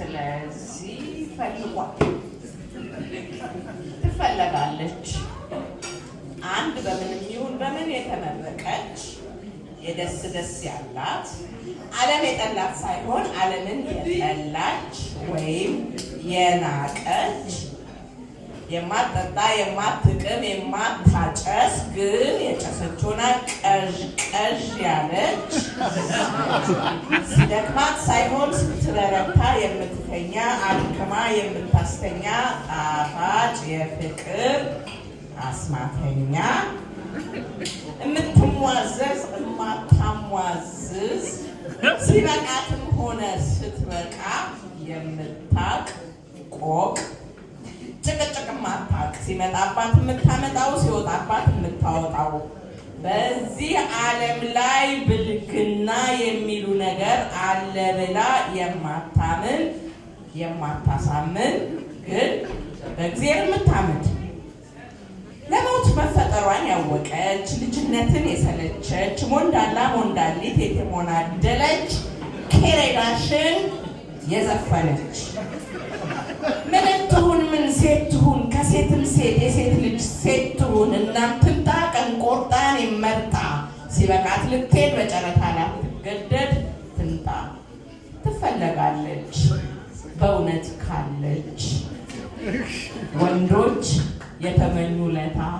ስለዚህ ፈልጓል ትፈለጋለች። አንድ በምንም ይሁን በምን የተመረቀች የደስ ደስ ያላት ዓለም የጠላት ሳይሆን ዓለምን የጠላች ወይም የናቀች የማትጠጣ የማትቅም የማታጨስ ግን የጨሰች ሆና ያለች ሲደክማት ሳይሆን ስትበረታ የምትተኛ አድከማ የምታስተኛ ጣፋጭ የፍቅር አስማተኛ የምትሟዘዝ የማታሟዝዝ ሲበቃትም ሆነ ስትበቃ የምታቅ ቆቅ ጭቅጭቅ ማታቅ ሲመጣባት የምታመጣው ሲወጣባት የምታወጣው በዚህ ዓለም ላይ ልክና የሚሉ ነገር አለ ብላ የማታምን የማታሳምን ግን በእግዚአብሔር የምታምድ ለሞት መፈጠሯን ያወቀች ልጅነትን የሰለቸች ሞንዳላ ሞንዳሊት የተሞናደለች ኬሬዳሽን የዘፈነች ምንትሁን ትሁን ምን ሴት ትሁን ከሴትም ሴት የሴት ልጅ ሴት ትሁን እናንተ ሲበቃት ልትሄድ በጨረታ ላትገደድ ትምጣ። ትፈለጋለች በእውነት ካለች ወንዶች የተመኙ ለታ